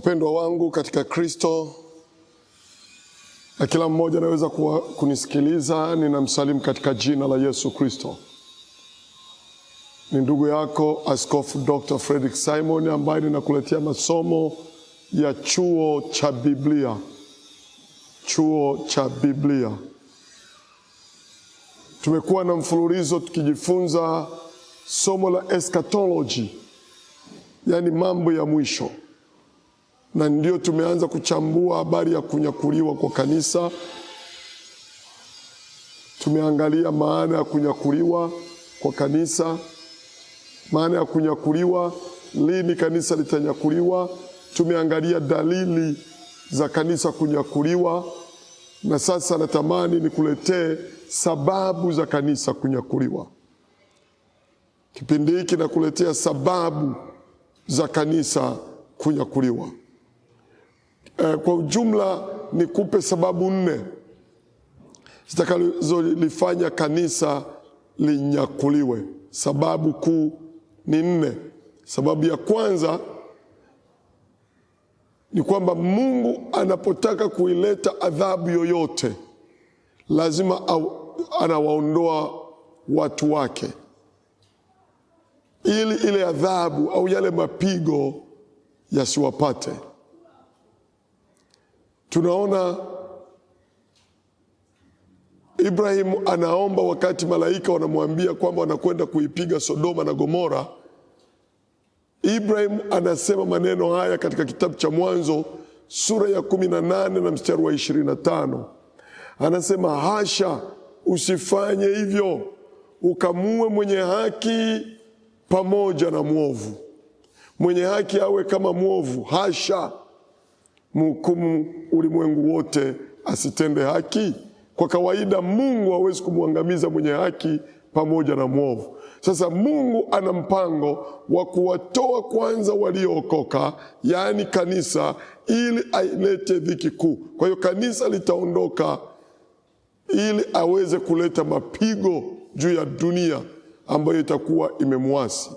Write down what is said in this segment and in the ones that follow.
Wapendwa wangu katika Kristo na kila mmoja anaweza kunisikiliza, ninamsalimu katika jina la Yesu Kristo. Ni ndugu yako Askofu Dr. Fredrick Simon ambaye ninakuletea masomo ya chuo cha Biblia. Chuo cha Biblia, tumekuwa na mfululizo tukijifunza somo la eschatology, yaani mambo ya mwisho na ndio tumeanza kuchambua habari ya kunyakuliwa kwa kanisa. Tumeangalia maana ya kunyakuliwa kwa kanisa, maana ya kunyakuliwa, lini kanisa litanyakuliwa. Tumeangalia dalili za kanisa kunyakuliwa, na sasa natamani nikuletee sababu za kanisa kunyakuliwa. Kipindi hiki nakuletea sababu za kanisa kunyakuliwa eh, kwa ujumla nikupe sababu nne zitakazolifanya kanisa linyakuliwe. Sababu kuu ni nne. Sababu ya kwanza ni kwamba Mungu anapotaka kuileta adhabu yoyote lazima au, anawaondoa watu wake ili ile adhabu au yale mapigo yasiwapate. Tunaona Ibrahimu anaomba wakati malaika wanamwambia kwamba wanakwenda kuipiga Sodoma na Gomora. ibrahim anasema maneno haya katika kitabu cha Mwanzo sura ya 18 na mstari wa 25. Anasema, hasha, usifanye hivyo, ukamue mwenye haki pamoja na mwovu. Mwenye haki awe kama mwovu, hasha mhukumu ulimwengu wote asitende haki? Kwa kawaida Mungu hawezi kumwangamiza mwenye haki pamoja na mwovu. Sasa Mungu ana mpango wa kuwatoa kwanza waliookoka, yaani kanisa, ili ailete dhiki kuu. Kwa hiyo kanisa litaondoka ili aweze kuleta mapigo juu ya dunia ambayo itakuwa imemwasi.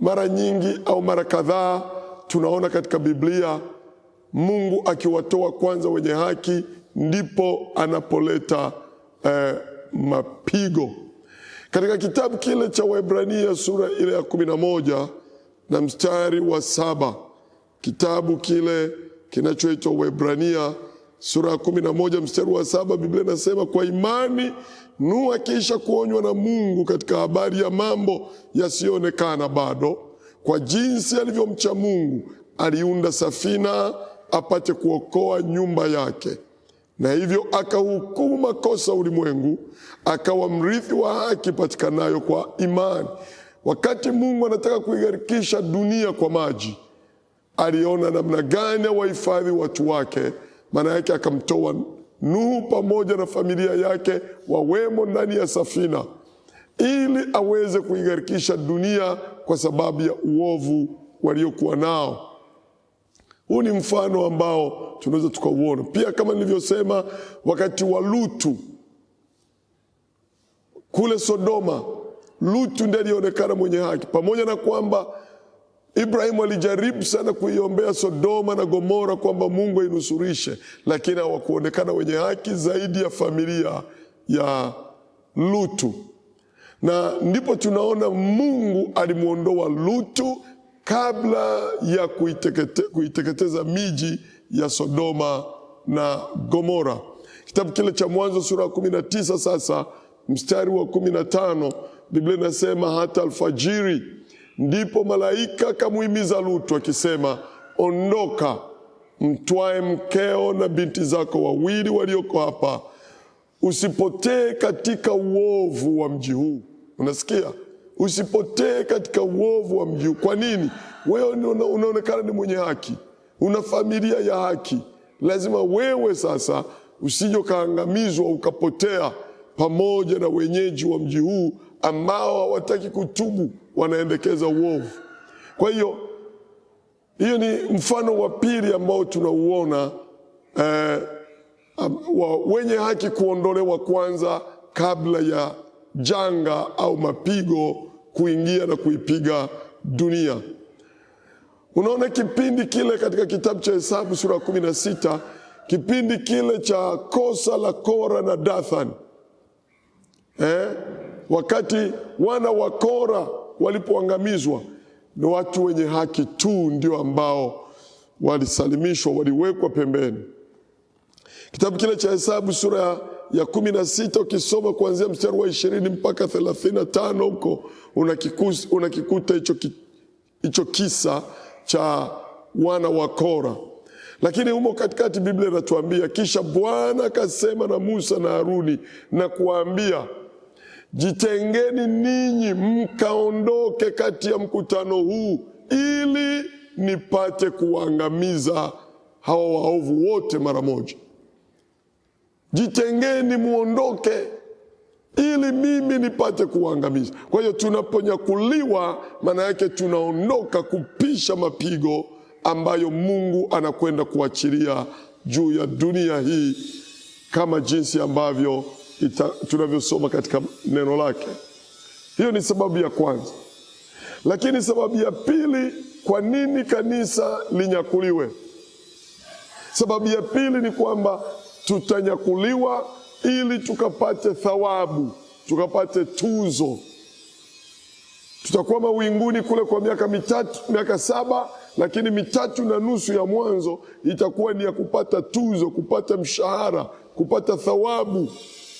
Mara nyingi au mara kadhaa tunaona katika Biblia Mungu akiwatoa kwanza wenye haki ndipo anapoleta eh, mapigo. Katika kitabu kile cha Waebrania sura ile ya kumi na moja na mstari wa saba kitabu kile kinachoitwa Waebrania sura ya kumi na moja mstari wa saba Biblia inasema kwa imani Nuhu akiisha kuonywa na Mungu katika habari ya mambo yasiyoonekana bado kwa jinsi alivyomcha Mungu, aliunda safina apate kuokoa nyumba yake, na hivyo akahukumu makosa ulimwengu, akawa mrithi wa haki patikanayo kwa imani. Wakati Mungu anataka kuigharikisha dunia kwa maji, aliona namna gani awahifadhi watu wake. Maana yake akamtoa Nuhu pamoja na familia yake wawemo ndani ya safina ili aweze kuigharikisha dunia kwa sababu ya uovu waliokuwa nao. Huu ni mfano ambao tunaweza tukauona pia, kama nilivyosema, wakati wa Lutu kule Sodoma. Lutu ndiye alionekana mwenye haki, pamoja na kwamba Ibrahimu alijaribu sana kuiombea Sodoma na Gomora kwamba Mungu ainusurishe, lakini hawakuonekana wenye haki zaidi ya familia ya Lutu na ndipo tunaona Mungu alimwondoa Lutu kabla ya kuitekete, kuiteketeza miji ya Sodoma na Gomora. Kitabu kile cha Mwanzo sura ya 19 sasa mstari wa 15, Biblia inasema hata alfajiri ndipo malaika akamhimiza Lutu akisema, ondoka, mtwae mkeo na binti zako wawili walioko hapa, usipotee katika uovu wa mji huu. Unasikia? Usipotee katika uovu wa mji. Kwa nini? Wewe unaonekana ni mwenye haki, una familia ya haki, lazima wewe sasa usije ukaangamizwa ukapotea pamoja na wenyeji wa mji huu ambao hawataki kutubu, wanaendekeza uovu. Kwa hiyo hiyo ni mfano wa pili ambao tunauona eh, wenye haki kuondolewa kwanza kabla ya janga au mapigo kuingia na kuipiga dunia. Unaona kipindi kile katika kitabu cha Hesabu sura kumi na sita kipindi kile cha kosa la Kora na Dathan eh? Wakati wana wa Kora walipoangamizwa, ni watu wenye haki tu ndio ambao walisalimishwa, waliwekwa pembeni. Kitabu kile cha Hesabu sura ya kumi na sita ukisoma kuanzia mstari wa ishirini mpaka thelathini na tano huko unakikuta hicho kisa cha wana wa Kora. Lakini humo katikati Biblia inatuambia, kisha Bwana akasema na Musa na Haruni na kuwaambia, jitengeni ninyi mkaondoke kati ya mkutano huu, ili nipate kuwaangamiza hawa waovu wote mara moja jitengeni muondoke ili mimi nipate kuangamiza. Kwa hiyo tunaponyakuliwa, maana yake tunaondoka kupisha mapigo ambayo Mungu anakwenda kuachilia juu ya dunia hii, kama jinsi ambavyo tunavyosoma katika neno lake. Hiyo ni sababu ya kwanza, lakini sababu ya pili, kwa nini kanisa linyakuliwe? Sababu ya pili ni kwamba tutanyakuliwa ili tukapate thawabu, tukapate tuzo. Tutakuwa mawinguni kule kwa miaka mitatu, miaka saba, lakini mitatu na nusu ya mwanzo itakuwa ni ya kupata tuzo, kupata mshahara, kupata thawabu,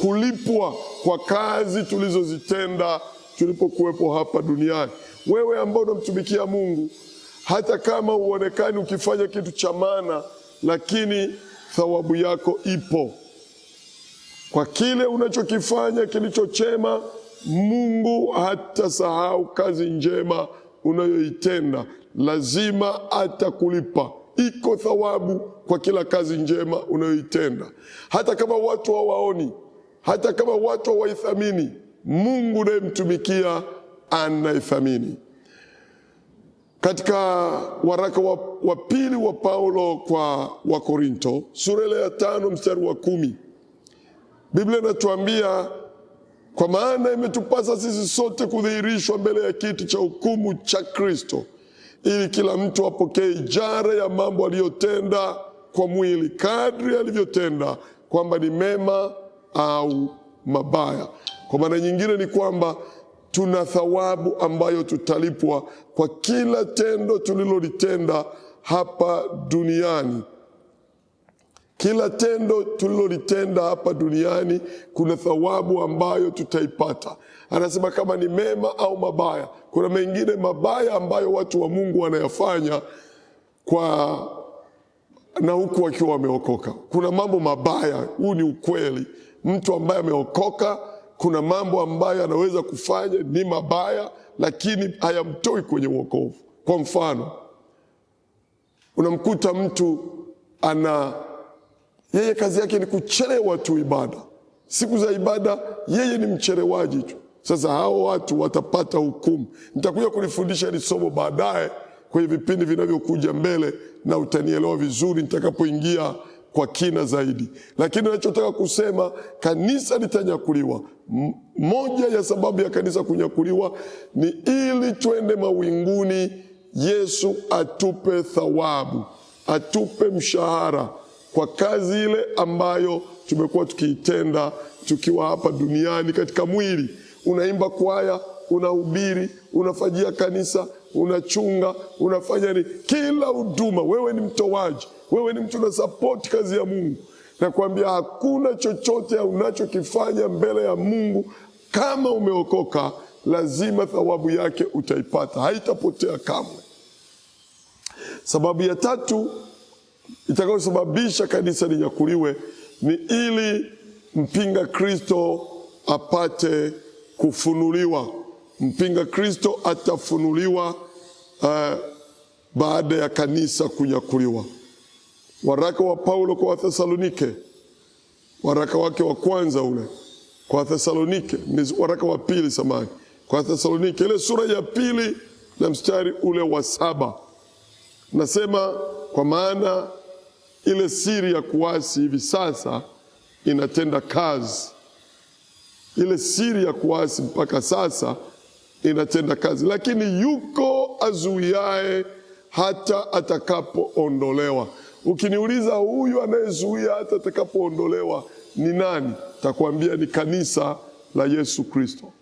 kulipwa kwa kazi tulizozitenda tulipokuwepo hapa duniani. Wewe ambao unamtumikia Mungu, hata kama uonekani ukifanya kitu cha maana, lakini thawabu yako ipo kwa kile unachokifanya kilichochema. Mungu hatasahau kazi njema unayoitenda, lazima atakulipa. Iko thawabu kwa kila kazi njema unayoitenda, hata kama watu hawaoni, hata kama watu hawaithamini. Mungu unayemtumikia anaithamini. Katika waraka wa, wa pili wa Paulo kwa Wakorinto sura ile ya tano mstari wa kumi Biblia inatuambia kwa maana imetupasa sisi sote kudhihirishwa mbele ya kiti cha hukumu cha Kristo, ili kila mtu apokee ijara ya mambo aliyotenda kwa mwili, kadri alivyotenda, kwamba ni mema au mabaya. Kwa maana nyingine ni kwamba tuna thawabu ambayo tutalipwa kwa kila tendo tulilolitenda hapa duniani. Kila tendo tulilolitenda hapa duniani kuna thawabu ambayo tutaipata. Anasema kama ni mema au mabaya. Kuna mengine mabaya ambayo watu wa Mungu wanayafanya kwa na huku wakiwa wameokoka. Kuna mambo mabaya, huu ni ukweli. Mtu ambaye ameokoka kuna mambo ambayo anaweza kufanya ni mabaya, lakini hayamtoi kwenye uokovu. Kwa mfano, unamkuta mtu ana yeye kazi yake ni kuchelewa tu ibada, siku za ibada yeye ni mchelewaji tu. Sasa hao watu watapata hukumu. Nitakuja kulifundisha hili somo baadaye kwenye vipindi vinavyokuja mbele, na utanielewa vizuri nitakapoingia kwa kina zaidi, lakini anachotaka kusema kanisa litanyakuliwa. Moja ya sababu ya kanisa kunyakuliwa ni ili twende mawinguni, Yesu atupe thawabu, atupe mshahara kwa kazi ile ambayo tumekuwa tukiitenda tukiwa hapa duniani katika mwili. Unaimba kwaya, unahubiri, unafajia kanisa, unachunga, unafanya ni kila huduma, wewe ni mtoaji wewe ni mtu unasapoti kazi ya Mungu, nakwambia hakuna chochote unachokifanya mbele ya Mungu kama umeokoka, lazima thawabu yake utaipata, haitapotea kamwe. Sababu ya tatu itakayosababisha kanisa linyakuliwe ni ili mpinga Kristo apate kufunuliwa. Mpinga Kristo atafunuliwa uh, baada ya kanisa kunyakuliwa. Waraka wa Paulo kwa Wathesalonike, waraka wake wa kwanza ule kwa Wathesalonike, ni waraka wa pili samani, kwa Wathesalonike ile sura ya pili na mstari ule wa saba nasema, kwa maana ile siri ya kuasi hivi sasa inatenda kazi. Ile siri ya kuasi mpaka sasa inatenda kazi, lakini yuko azuiaye hata atakapoondolewa. Ukiniuliza huyu anayezuia hata atakapoondolewa ni nani, takuambia ni kanisa la Yesu Kristo.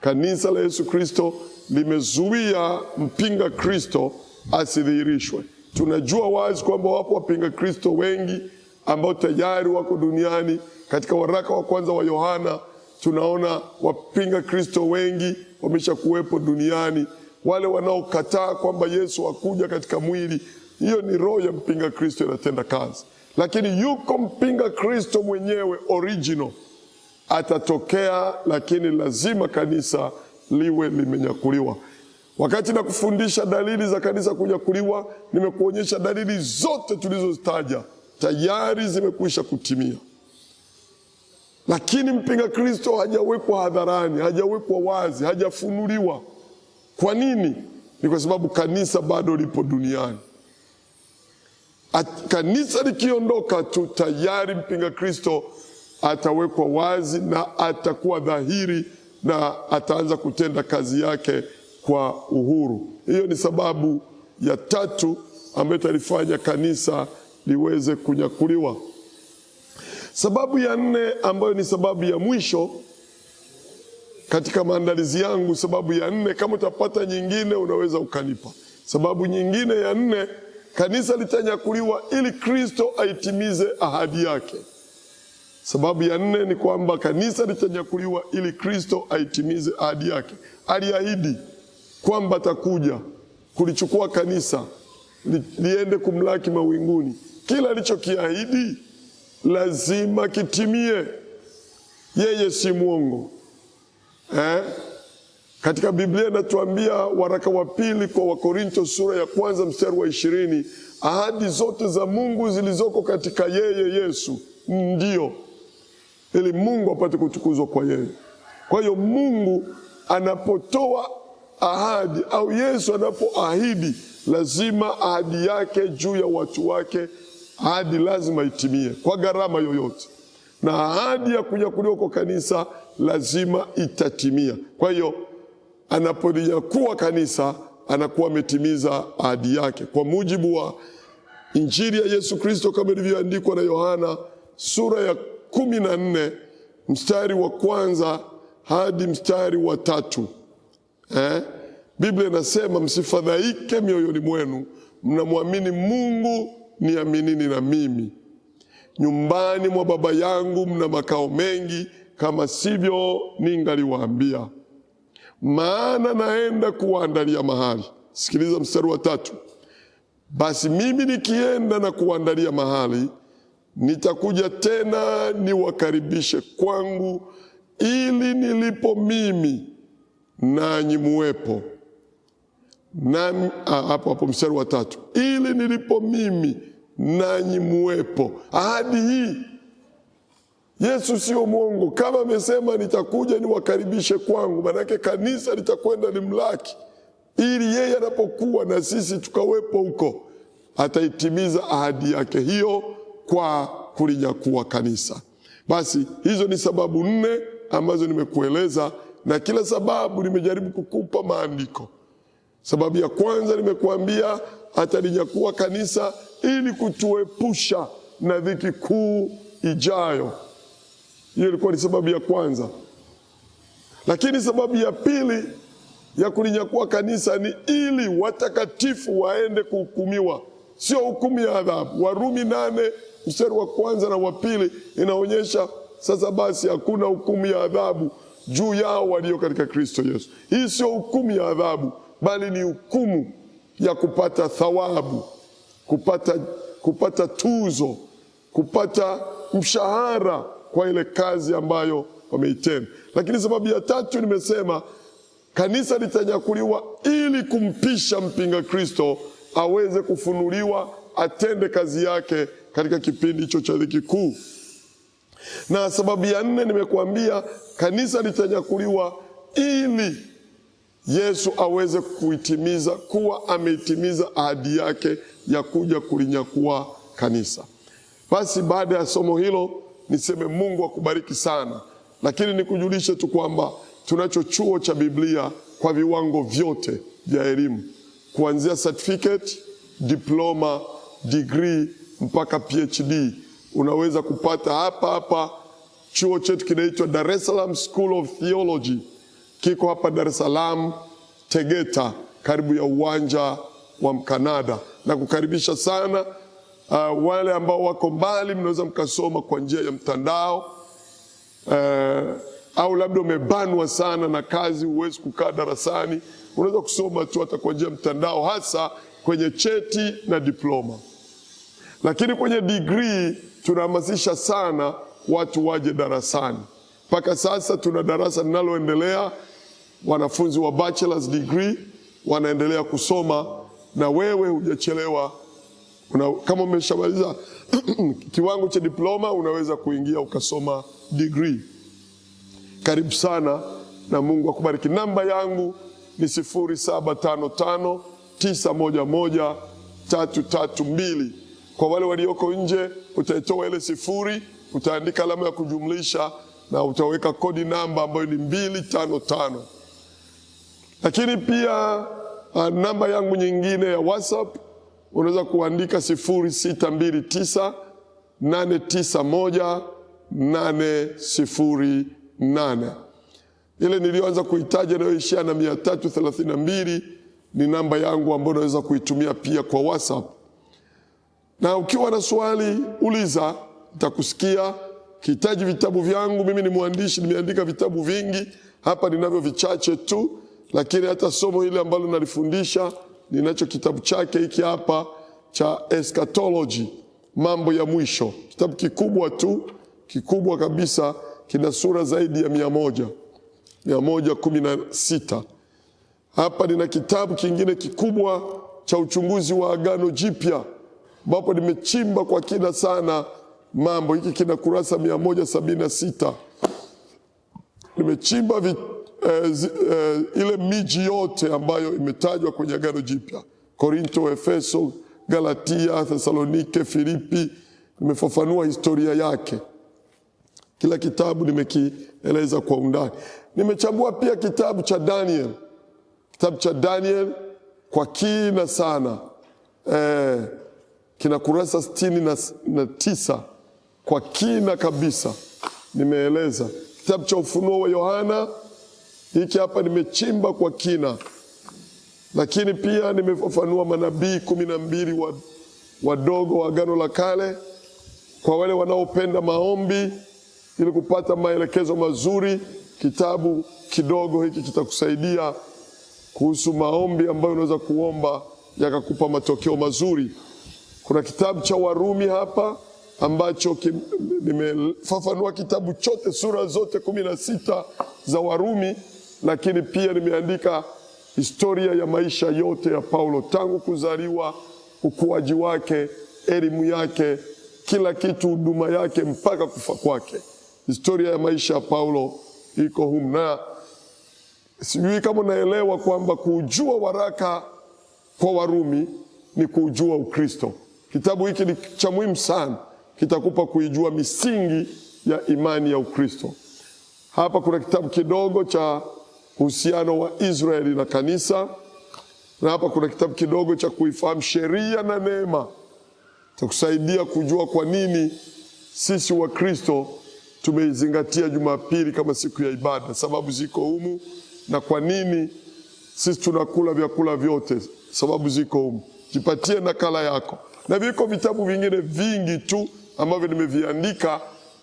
Kanisa la Yesu Kristo limezuia mpinga Kristo asidhihirishwe. Tunajua wazi kwamba wapo wapinga Kristo wengi ambao tayari wako duniani. Katika waraka wa kwanza wa Yohana tunaona wapinga Kristo wengi wameshakuwepo duniani, wale wanaokataa kwamba Yesu hakuja katika mwili hiyo ni roho ya mpinga Kristo inatenda kazi, lakini yuko mpinga Kristo mwenyewe original atatokea, lakini lazima kanisa liwe limenyakuliwa. Wakati na kufundisha dalili za kanisa kunyakuliwa, nimekuonyesha dalili zote tulizozitaja tayari zimekwisha kutimia, lakini mpinga Kristo hajawekwa hadharani, hajawekwa wazi, hajafunuliwa. Kwa nini? Ni kwa sababu kanisa bado lipo duniani kanisa likiondoka tu tayari mpinga Kristo atawekwa wazi na atakuwa dhahiri na ataanza kutenda kazi yake kwa uhuru. Hiyo ni sababu ya tatu ambayo italifanya kanisa liweze kunyakuliwa. Sababu ya nne ambayo ni sababu ya mwisho katika maandalizi yangu, sababu ya nne, kama utapata nyingine unaweza ukanipa sababu nyingine ya nne Kanisa litanyakuliwa ili Kristo aitimize ahadi yake. Sababu ya nne ni kwamba kanisa litanyakuliwa ili Kristo aitimize ahadi yake. Aliahidi kwamba atakuja kulichukua kanisa li, liende kumlaki mawinguni. Kila alichokiahidi lazima kitimie. Yeye si mwongo eh? Katika Biblia inatuambia waraka wa pili kwa Wakorinto sura ya kwanza mstari wa ishirini ahadi zote za Mungu zilizoko katika yeye Yesu ndio, ili Mungu apate kutukuzwa kwa yeye. Kwa hiyo Mungu anapotoa ahadi au Yesu anapoahidi, lazima ahadi yake juu ya watu wake, ahadi lazima itimie kwa gharama yoyote, na ahadi ya kunyakuliwa kwa kanisa lazima itatimia. Kwa hiyo anapolinyakua kanisa anakuwa ametimiza ahadi yake kwa mujibu wa Injili ya Yesu Kristo kama ilivyoandikwa na Yohana sura ya kumi na nne mstari wa kwanza hadi mstari wa tatu. Eh? Biblia inasema msifadhaike mioyoni mwenu, mnamwamini Mungu, niaminini na mimi. Nyumbani mwa Baba yangu mna makao mengi, kama sivyo ningaliwaambia maana naenda kuwaandalia mahali. Sikiliza mstari wa tatu, basi mimi nikienda na kuwaandalia mahali, nitakuja tena niwakaribishe kwangu, ili nilipo mimi nanyi muwepo nami. Hapo hapo mstari wa tatu, ili nilipo mimi nanyi muwepo. Ahadi hii Yesu sio mwongo. Kama amesema nitakuja niwakaribishe kwangu, manake kanisa litakwenda limlaki, ili yeye anapokuwa na sisi tukawepo huko, ataitimiza ahadi yake hiyo kwa kulinyakua kanisa. Basi hizo ni sababu nne ambazo nimekueleza, na kila sababu nimejaribu kukupa maandiko. Sababu ya kwanza nimekuambia atalinyakua kanisa ili kutuepusha na dhiki kuu ijayo. Hiyo ilikuwa ni sababu ya kwanza, lakini sababu ya pili ya kulinyakua kanisa ni ili watakatifu waende kuhukumiwa, sio hukumu ya adhabu. Warumi nane mstari wa kwanza na wa pili inaonyesha sasa basi hakuna hukumu ya adhabu juu yao walio katika Kristo Yesu. Hii sio hukumu ya adhabu, bali ni hukumu ya kupata thawabu, kupata, kupata tuzo, kupata mshahara kwa ile kazi ambayo wameitenda. Lakini sababu ya tatu nimesema kanisa litanyakuliwa ili kumpisha mpinga Kristo aweze kufunuliwa atende kazi yake katika kipindi hicho cha dhiki kuu. Na sababu ya nne nimekuambia kanisa litanyakuliwa ili Yesu aweze kuitimiza kuwa ameitimiza ahadi yake ya kuja kulinyakua kanisa. Basi baada ya somo hilo niseme Mungu akubariki sana, lakini nikujulishe tu kwamba tunacho chuo cha Biblia kwa viwango vyote vya elimu kuanzia certificate, diploma, degree mpaka PhD unaweza kupata hapa hapa. Chuo chetu kinaitwa Dar es Salaam School of Theology, kiko hapa Dar es Salaam Tegeta, karibu ya uwanja wa Mkanada. Nakukaribisha sana. Uh, wale ambao wako mbali mnaweza mkasoma kwa njia ya mtandao uh, au labda umebanwa sana na kazi, huwezi kukaa darasani, unaweza kusoma tu hata kwa njia ya mtandao, hasa kwenye cheti na diploma. Lakini kwenye degree tunahamasisha sana watu waje darasani. Mpaka sasa tuna darasa linaloendelea, wanafunzi wa bachelor's degree wanaendelea kusoma, na wewe hujachelewa. Una, kama umeshamaliza kiwango cha diploma unaweza kuingia ukasoma degree. Karibu sana na Mungu akubariki. Namba yangu ni 0755 911 332. Kwa wale walioko nje utaitoa ile sifuri, utaandika alama ya kujumlisha na utaweka kodi namba ambayo ni 255. Lakini pia uh, namba yangu nyingine ya WhatsApp unaweza kuandika 0629 Ile niliyoanza kuitaja inayoishia na 332 ni namba yangu ambayo unaweza kuitumia pia kwa WhatsApp, na ukiwa na swali uliza, nitakusikia. Kihitaji vitabu vyangu, mimi ni mwandishi, nimeandika vitabu vingi, hapa ninavyo vichache tu, lakini hata somo ile ambalo nalifundisha ninacho kitabu chake hiki hapa cha Eschatology, mambo ya mwisho, kitabu kikubwa tu, kikubwa kabisa, kina sura zaidi ya mia moja mia moja kumi na sita. Hapa nina kitabu kingine kikubwa cha uchunguzi wa Agano Jipya ambapo nimechimba kwa kina sana mambo hiki, kina kurasa mia moja sabini na sita nimechimba eh, eh, ile miji yote ambayo imetajwa kwenye Agano Jipya, Korinto, Efeso, Galatia, Thesalonike, Filipi. Nimefafanua historia yake, kila kitabu nimekieleza kwa undani. Nimechambua pia kitabu cha Daniel, kitabu cha Daniel kwa kina sana eh, kina kurasa sitini na, na tisa kwa kina kabisa nimeeleza. Kitabu cha Ufunuo wa Yohana hiki hapa nimechimba kwa kina, lakini pia nimefafanua manabii kumi na mbili wadogo wa Agano la Kale kwa wale wanaopenda maombi ili kupata maelekezo mazuri. Kitabu kidogo hiki kitakusaidia kuhusu maombi ambayo unaweza kuomba yakakupa matokeo mazuri. Kuna kitabu cha Warumi hapa ambacho nimefafanua kitabu chote, sura zote kumi na sita za Warumi lakini pia nimeandika historia ya maisha yote ya Paulo tangu kuzaliwa, ukuaji wake, elimu yake, kila kitu, huduma yake mpaka kufa kwake. Historia ya maisha ya Paulo iko humu, na sijui kama unaelewa kwamba kuujua waraka kwa Warumi ni kuujua Ukristo. Kitabu hiki ni cha muhimu sana, kitakupa kuijua misingi ya imani ya Ukristo. Hapa kuna kitabu kidogo cha uhusiano wa Israeli na kanisa. Na hapa kuna kitabu kidogo cha kuifahamu sheria na neema, takusaidia kujua kwa nini sisi wa Kristo tumeizingatia Jumapili kama siku ya ibada, sababu ziko humu, na kwa nini sisi tunakula vyakula vyote, sababu ziko humu. Jipatie nakala yako, na viko vitabu vingine vingi tu ambavyo nimeviandika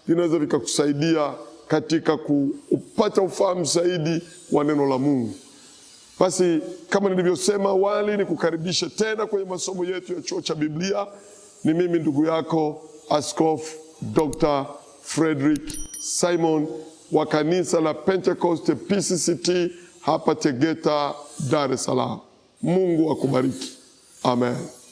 vinaweza vikakusaidia katika ku kupata ufahamu zaidi wa neno la Mungu. Basi kama nilivyosema awali, kukaribisha tena kwenye masomo yetu ya chuo cha Biblia. Ni mimi ndugu yako Askofu Dr. Frederick Simon wa kanisa la Pentecost PCCT hapa Tegeta, Dar es Salaam. Mungu akubariki. Amen.